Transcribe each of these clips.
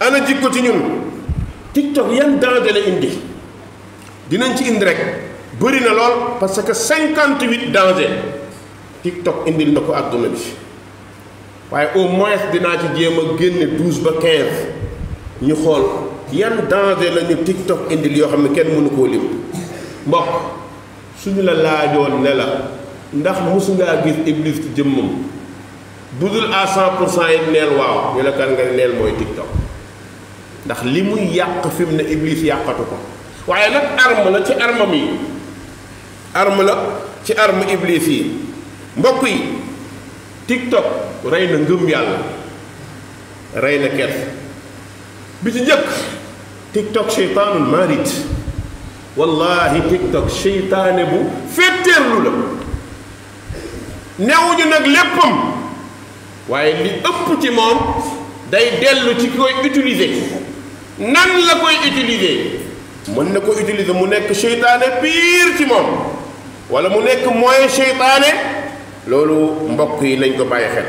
ana jikko ci ñun TikTok yan danger la indi dinañ ci indi rek bëri na lool parce que 58 danger TikTok indil na ko àdduna bi waaye au moins dinaa ci jéem a génne 12 ba 15 ñu xool yan danger la ñu TikTok indil yoo xam ne kenn mënu koo lim mbokk suñu la laajoon ne la ndax mosu ngaa gis Iblis ci jëmmam budul à 100 pour cent yi neel waaw ñu la kan nga neel mooy TikTok. ndax li muy yàq fi ne iblis yàqatu ko waaye nag arme la ci armam mi arme la ci arme iblis yi mbokk yi tiktok rey na ngëm yàlla rey na kers bi ci njëkk tiktok cheytaanul marit wallahi tiktok cheytaane bu fetteerlu la newuñu nag léppam waaye li ëpp ci moom day dellu ci koy utiliser nan la koy utiliser mën na ko utiliser mu nekk seytaane pire ci moom wala mu nekk moyen seytaane loolu mbokk yi lañ ko bàyyi xel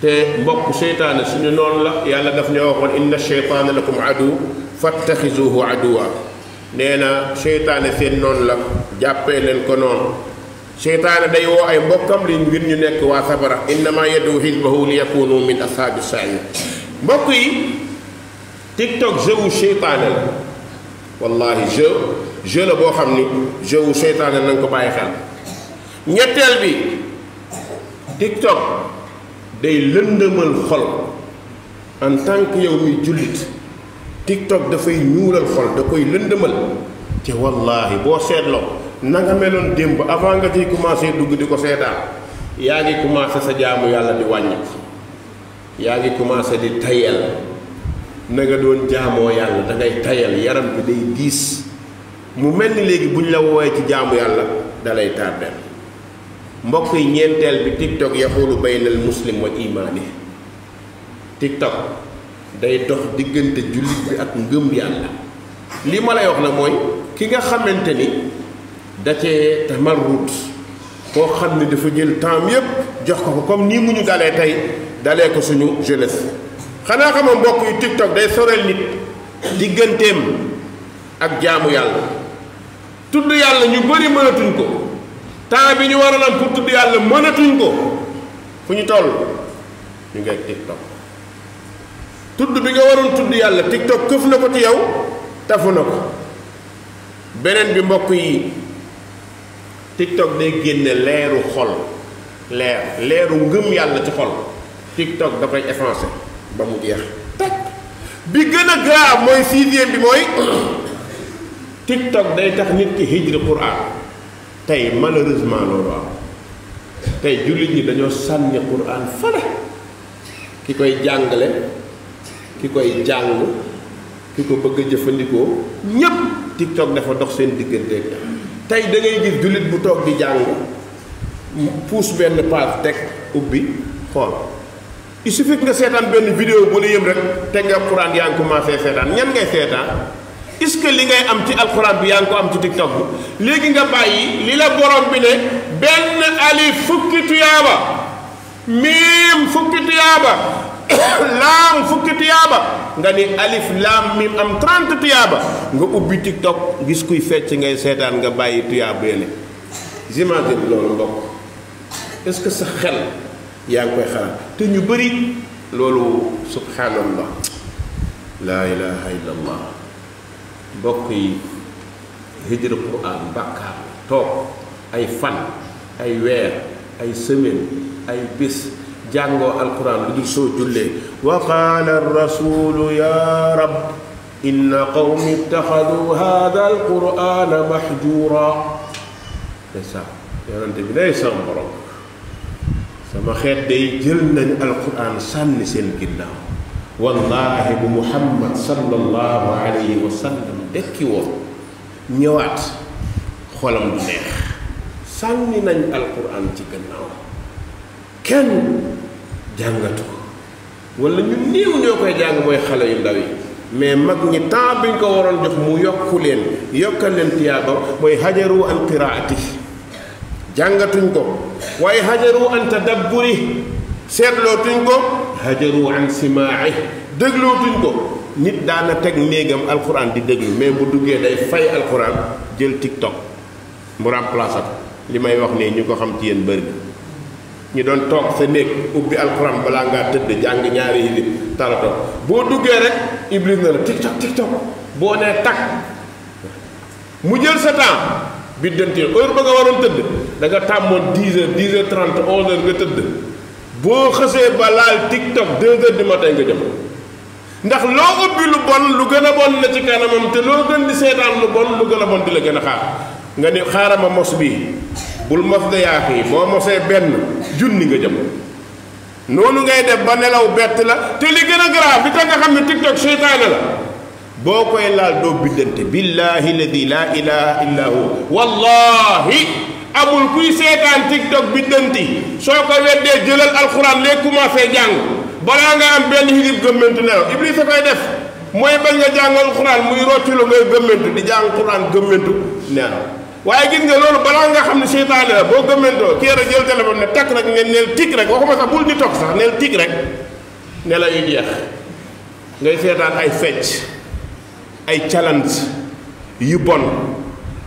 te mbokk seytaane suñu noonu la yàlla daf ñoo waxoon inna seytaane lakum adu fattaxisuhu aduwa nee na seytaane seen noonu la jàppee leen ko noonu seytaane day woo ay mbokkam li ngir ñu nekk waa sabara innama yadu xisbahu li yakunu min ashaabi sair mbokk yi TikTok jeu wu wallaahi jeu jeu la boo xam ni jeu wu seytaane nañ ko bàyyi xel ñetteel bi TikTok day lëndëmal xol en tant yow mi jullit TikTok dafay ñuulal xol da koy lëndëmal te wallaahi boo seetloo na nga meloon démb avant nga ciy commencé dugg di ko seetaan yaa ngi commencé sa jaamu yàlla di wàññi yaa ngi commencé di tayel na nga doon jaamoo yàlla dangay ngay tayal yaram bi day diis mu mel ni léegi bu ñu la woowee ci jaamu yàlla dalay tardel mbokk yi ñeenteel bi tiktok yaxulu baynal muslim wa imaani tiktok day dox diggante jullit bi ak ngëm yàlla li ma lay wax na mooy ki nga xamante ni da cee tamarrut koo xam ni dafa jël temps yépp jox ko ko comme nii mu ñu dalee tey dalee ko suñu jeunesse xanaa xama mbokk yu tiktok day sorel nit digganteem ak jaamu yàlla tudd yàlla ñu bari mënatuñ ko temps bi ñu war am pour tudd yàlla mënatuñ ko fu ñu toll ñu ngi tiktok tudd bi nga waroon tudd yàlla tiktok këf na ko ci yow tafu na ko beneen bi mbokk yi tiktok day génne leeru xol leer leeru ngëm yàlla ci xol tiktok da koy ba mu jeex teg bi gën a grave mooy sixième bi mooy tiktok day tax nit ki hijri quran tey malheureusement loolu am tey jullit ñi dañoo sànni quran fale ki koy jàngale ki koy jàng ki ko bëgg a jëfandikoo ñépp tiktok dafa dox seen digganteeg tey da ngay gis jullit bu toog di jàng puus benn page teg ubbi xool il suffit nga seetaan benn vidéo bu la yëm rek te nga alxuraan yaa ngi commencé seetaan ñan ngay seetaan est ce que li ngay am ci alxuraan bi yaa ngi ko am ci tiktok bi léegi nga bàyyi li la borom bi ne benn alif gis kuy fecc ngay seetaan nga bàyyi tuyaaba yële j'imagine loolu mbokk est ce que sa xel yaa ngi koy xalaat. te ñu bari loolu subhaanallah laa ilaha illa allah yi hijra quran bàkkaar toog ay fan ay weer ay semaine ay bis jàngoo alquran lu dul soo jullee wa qaala rasulu ya rab inna qawmi ittaxadu hada alqurana mahjura te sa bi day sam borom sama xeet day jël nañu alquran sànni seen ginnaaw wallahi bu muhammad sallallahu alayhi wa sallam dekki woon ñëwaat xolam du neex sànni nañ alquran ci gannaaw kenn jàngatu ko wala ñu néew ñoo koy jàng mooy xale yu ndaw yi mais mag ñi temps biñ ko waroon jox mu yokku leen yokkal leen tiyaaba mooy hajaru an qiraatihi jàngatuñ ko waaye hajaru an tadabburi seetlootuñ ko hajaru an simaai déglootuñ ko nit daana teg néegam alxuraan di déglu mais bu duggee day fay alxuraan jël tiktok mu remplacer ko li may wax nii ñu ko xam ci yéen bëri ñu doon toog sa néeg ubbi alxuraan balaa ngaa tëdd jàng ñaari yi tarato boo duggee rek iblis na la tiktok tiktok boo nee takk mu jël sa temps bi dëntil heure ba nga waroon tëdd da nga tàmmoon 10 heures 10 heures 30 11 heures nga tëdd boo xësee ba laal TikTok 2 heures du matin nga jëm ndax loo ubbi lu bon lu gën a bon na ci kanamam te loo gën di seetaan lu bon lu gën a bon di la gën a xaar nga ne xaaral ma mos bii bul mos de yaa yi boo mosee benn junni nga jëm noonu ngay def ba nelaw bett la te li gën a grave bi tax nga xam ne TikTok seytaane la boo koy laal doo bindante billahi ladi laa ilaha illa hu wallahi amul kuy seetaan tiktok bi dënti soo ko weddee jëlal alxuraan léegi commencé jàng balaa nga am benn xilib gëmmentu nelaw Iblis a koy def mooy bañ nga jàng alxuraan muy rocci lu ngay gëmmentu di jàng alxuraan gëmmentu nelaw waaye gis nga loolu balaa nga xam ne seetaane la boo gëmmentoo kéer a jël téléphone ne takk rek ne neel tik rek waxuma sax bul di toog sax neel tik rek nelaw yu jeex ngay seetaan ay fecc ay challenge yu bon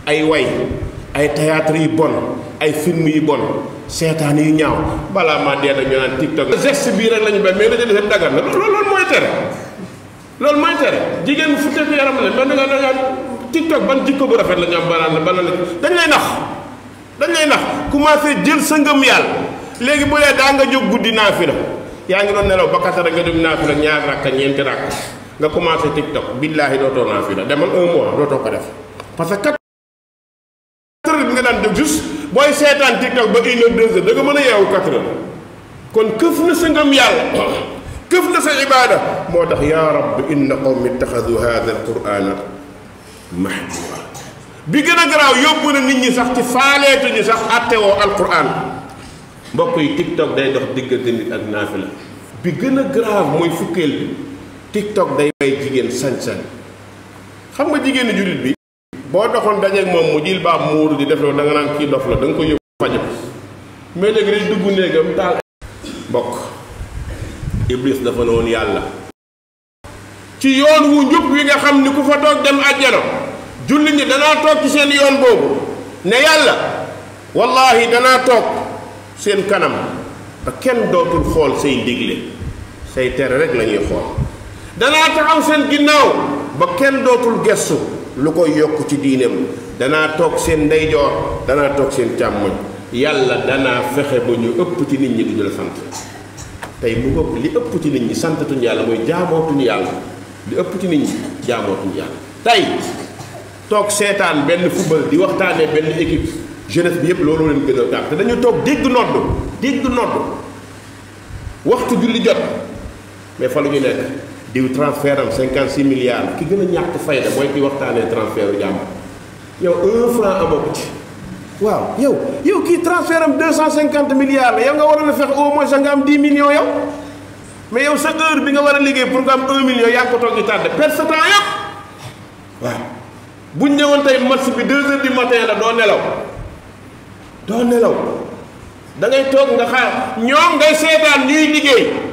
ay way ay théâtre yu bon ay film yu bon seetaan yu ñaaw balaa ma dee na ñu naan tiktok geste bii rek la ñu ba mais na loolu loolu mooy loolu mooy tere jigéen bu futteeku nga da ban jikko bu rafet la ñu am banaan la banaan la dañ lay nax dañ lay nax commencé jël sa ngëm yàlla léegi bu dee daa nga jóg guddi naafila yaa ngi doon nelaw ba kasa rek nga dem naafila ñaar rakka ñeenti rakka nga commencé tiktok billaahi dootoo naafila demal un mois dootoo ko def parce que heures bi nga daan jóg juste booy seetaan tiktok ba une heure deux heures da nga mën a yeewu quatre heures kon këf na sa ngëm yàlla këf na sa ibaada moo tax yaa rab inna qawmi ittaxadu hada alqurana mahjura bi gën a garaaw yóbbu na nit ñi sax ci faaleetuñu sax attewoo alquran mbokk yi tiktok day dox diggante nit ak naafila bi gën a grave mooy fukkeel bi tiktok day may jigéen sañ-sañ xam nga jigéenu jullit bi boo doxoon dajeeg moom mu jil baa muuru di def loolu da nga naan kii dof la da nga ko yóbbu faju mais léegi day dugg néegam taal bokk iblis dafa ne woon yàlla ci yoon wu njub wi nga xam ni ku fa toog dem àjjana julli ñi danaa toog ci seen yoon boobu ne yàlla wallahi danaa tok seen kanam ba kenn dootul xool sey ndigle say tere rek la ñuy xool danaa taxaw seen ginnaaw ba kenn dootul gestu lu ko yokk ci diineem danaa toog seen ndeyjoor danaa toog seen càmmoñ yàlla danaa fexe ba ñu ëpp ci nit ñi duñu la sant tey mu ko li ëpp ci nit ñi santatuñu yàlla mooy jaamootuñu yàlla li ëpp ci nit ñi jaamootuñu yàlla tey toog seetaan benn football di waxtaanee benn équipe jeunesse bi yëpp loolu leen gën a gàtt te dañu toog dégg nodd dégg nodd waxtu julli jot mais fa lu nekk diw transfert am 56 milliards ki gën a ñàkk fayda mooy ki waxtaanee transfertu jàmbur yow un franc amagu ci waaw yow yow kii transfert am 250 milliards la yow nga waroon a fex au moins nga am 10 millions yow mais yow sa heure bi nga war a liggéey pour nga am 1 million yaa ngi ko toog di tardé perte sa temps yëpp waaw bi 2 heures du matin la doo nelaw doo nelaw da ngay toog nga xaar ñoom ngay seetaan ñuy liggéey.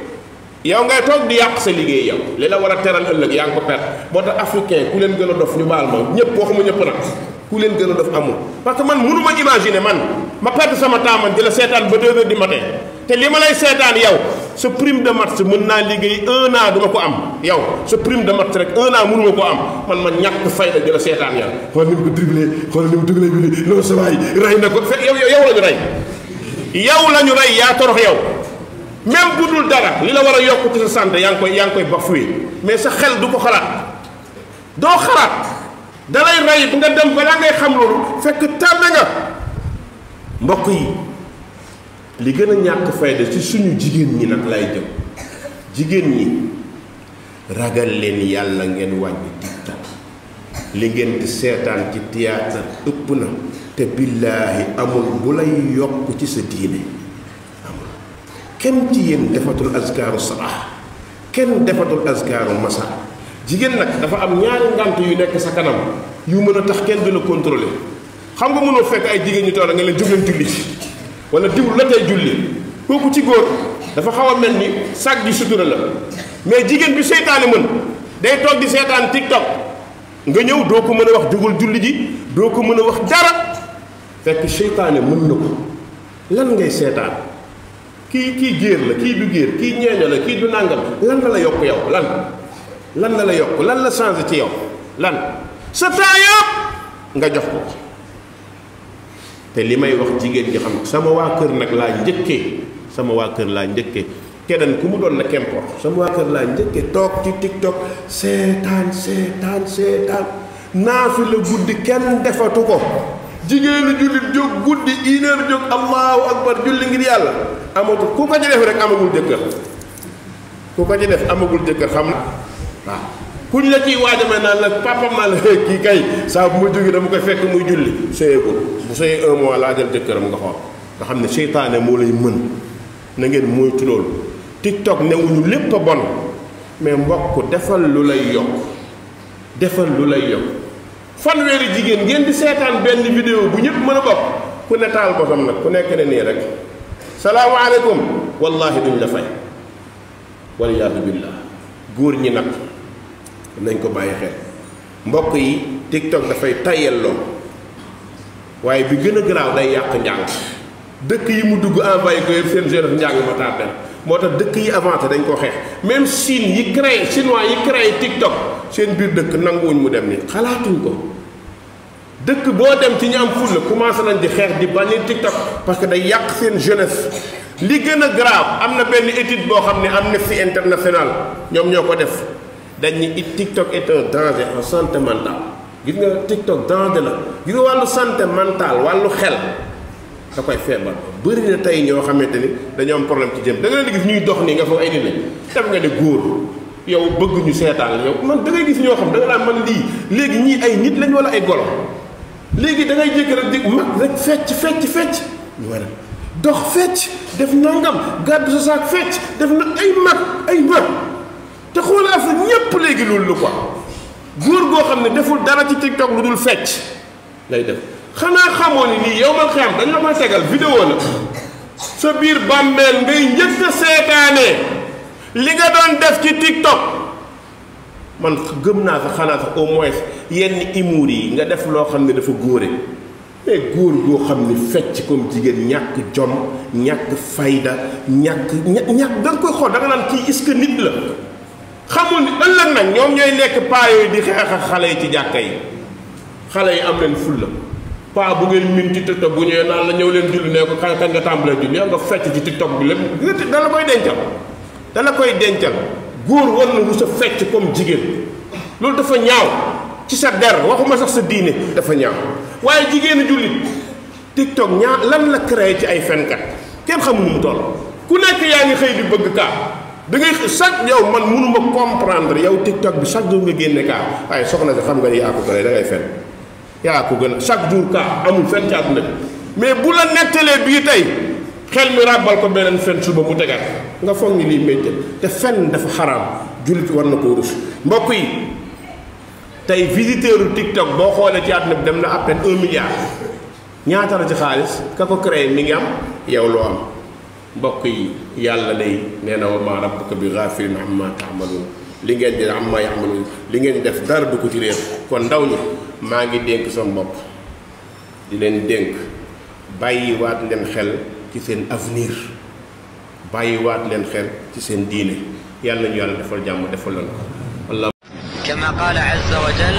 yow ngay toog di yàq sa liggéey yow li la war a teral ëllëg yaa ngi ko perte moo tax africain ku leen gën a dof ñu baal ma ñëpp waxuma ñëpp nag ku leen gën a dof amul parce que man mënu ma imaginer man ma perte sama temps man di la seetaan ba deux heures te li ma lay seetaan yow sa prime de match mën naa liggéey un an du ma ko am yow sa prime de match rek un an mënu ma ko am man ma ñàkk fayda di la seetaan yow xool ni mu ko dribblé xool ni mu dugalee bi non sa na ñu rey yow yow même bu dara li la war a yokk ci sa santé yaa ngi koy yaa ngi koy bafoué mais sa xel du ko xalaat doo xalaat da lay rey bu nga dem balaa ngay xam loolu fekk tardé nga mbokk yi li gën a ñàkk fayda ci suñu jigéen ñi nag lay jëm jigéen ñi ragal leen yàlla ngeen wàññi digta li ngeen di seetaan ci théâtre ëpp na te billaahi amul bu lay yokk ci sa diine kenn ci yéen defatul askaaru sabah kenn defatul askaaru masa jigéen nafah dafa am ñaari ngant yu nekk sa kanam yu mën a tax kenn du contrôler xam nga mënoo fekk ay jigéen ñu toog nga leen jóg julli wala diw la tey julli kooku ci góor dafa xaw a mel ni sag di sutura la mais jigéen bi seytaane mën day toog di seetaan tiktok nga ñëw doo ko mën wax julli ji ko wax dara fekk mën lan ngay seetaan kii kii géer la kii du géer kii ñeeño la kii du nàngam lan la la yokk yow lan lan la la yokk lan la changé ci yow lan sa temps yëpp nga jox ko te li may wax jigéen ñi xam sama waa kër nag laa njëkkee sama waa kër laa njëkkee keneen ku mu doon la qu'importe sama waa kër laa njëkkee toog ci tiktok seetaan seetaan seetaan naa fi la guddi kenn defatu ko jigéenu jullit jóg guddi une heure jóg allahu akbar julli ngir yàlla amatul ku ko ci def rek amagul jëkkër ku ko ci def amagul jëkkër xam na waaw kuñ la ciy waajamee naan la papam naa la kii kay saabu bu ma jógee dama koy fekk muy julli sëyeegul bu sëyee un mois laa jël jëkkëram nga xool nga xam ne seytaane moo lay mën na ngeen moytu loolu tiktok newuñu lépp a bon mais mbokk defal lu lay yokk defal lu lay yokk fanweeri jigéen ngeen di seetaan benn vidéo bu ñëpp mën a bopp ku ne taal boppam nag ku nekk ne nii rek salaamaaleykum wallaahi duñ la fay waliyaadu billah góor ñi nag nañ ko bàyyi xel mbokk yi tiktok dafay tayel loo waaye bi gën a garaaw day yàq njàng dëkk yi mu dugg envoyé ko yëpp seen jeunesse njàng ma tardé moo tax dëkk yi avancé dañ ko xeex même Chine yi créé chinois yi créé tiktok seen biir dëkk nanguwuñ mu dem ni xalaatuñ ko dëkk boo dem ci ñu am fulla commencé nañ di xeex di bannir TikTok parce que day yàq seen jeunesse li gën a grave am na benn étude boo xam ne am na fi International ñoom ñoo ko def dañ ni it TikTok est un danger en santé mentale gis nga TikTok danger la gis nga wàllu santé mentale wàllu xel da koy feebar bëri na tey ñoo xamante ni dañoo am problème da nga gis ñuy dox nii nga fa ay dinañ def nga de góor yow bëgg ñu seetaan yow man da ngay gis ñoo xam da nga daan man lii léegi ñii ay nit lañ wala ay golo. léegi da ngay jékki rek di mag rek fecc fecc fecc ñu dox fecc def nangam gàddu sa saak fecc def na ay mag ay mag te xoolal Afrique ñépp léegi loolu lu ko góor goo xam ne deful dara ci TikTok lu dul fecc lay def xanaa xamoo ni nii yow man xam dañ segal koy vidéo la sa biir bàmmeel ngay njëkk a seetaanee li nga doon def ci TikTok. man gëm naa sax xanaa sax au moins yenn imuur yi nga def loo xam ne dafa góore mais góor goo xam ne fecc comme jigéen ñàkk jom ñàkk fayda ñàkk ñàkk da nga koy xool da nga naan kii ce que nit la xamul ni ëllëg nag ñoom ñooy nekk paa yooyu di xeex ak xale yi ci jàkka yi xale yi am leen fulla paa bu ngeen min ci tiktok bu ñëwee naan la ñëw leen julli ne ko kañ kañ nga tàmbalee julli yow nga fecc ci tiktok bi lépp dala koy dencal dala koy dencal góor war na rus a fecc comme jigéen loolu dafa ñaaw ci sa der waxuma sax sa diine dafa ñaaw waaye jigéenu jullit tiktok ñaa lan la créé ci ay fenkat kenn xamul nu mu toll ku nekk yaa ngi xëy di bëgg kaa da ngay chaque yow man mënuma comprendre yow tiktok bi chaque jour nga génne kaa waaye soxna si xam nga ni yaa ko gën da ngay fen yaa ko gën a chaque jour kaa amul fen ci àdduna bi mais bu la nettalee bii tey xel mi ràbbal ko beneen fen suba mu tegaat nga foog ni lii mbéjtal te fenn dafa xaraam julit war na koo rus mbokk yi tey visiteur tiktok boo xoolee ci àdduna bi dem na à peine un milliard ñaata la ci xaalis ka ko créé mi ngi am yow loo am mbokk yi yàlla day nee na wa ma rabbuka bi ghafirin amma taamaluun li ngeen di amma yaamaluun li ngeen def dara du ko ci réer kon ndaw ñi maa ngi dénk sama bopp di leen dénk bàyyi waat leen xel ci seen avenir bàyyiwaat leen xel ci seen diine yàlla ñu yàlla defal jàmm كما قال عز وجل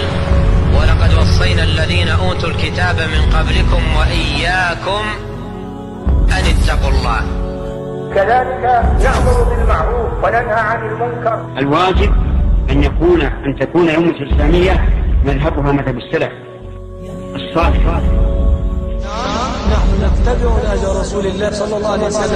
ولقد وصينا الذين أوتوا الكتاب من قبلكم وإياكم أن اتقوا الله كذلك نأمر بالمعروف وننهى عن المنكر الواجب أن يكون أن تكون أمة الإسلامية مذهبها مذهب السلف الصالح نحن نتبع الأجر رسول الله صلى الله عليه وسلم